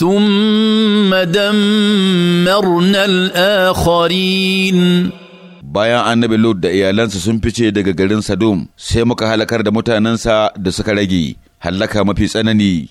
ثم دمرنا الآخرين bayan annabi Lut da iyalansa sun fice daga garin Sadum sai muka halakar da mutanensa da suka rage hallaka mafi tsanani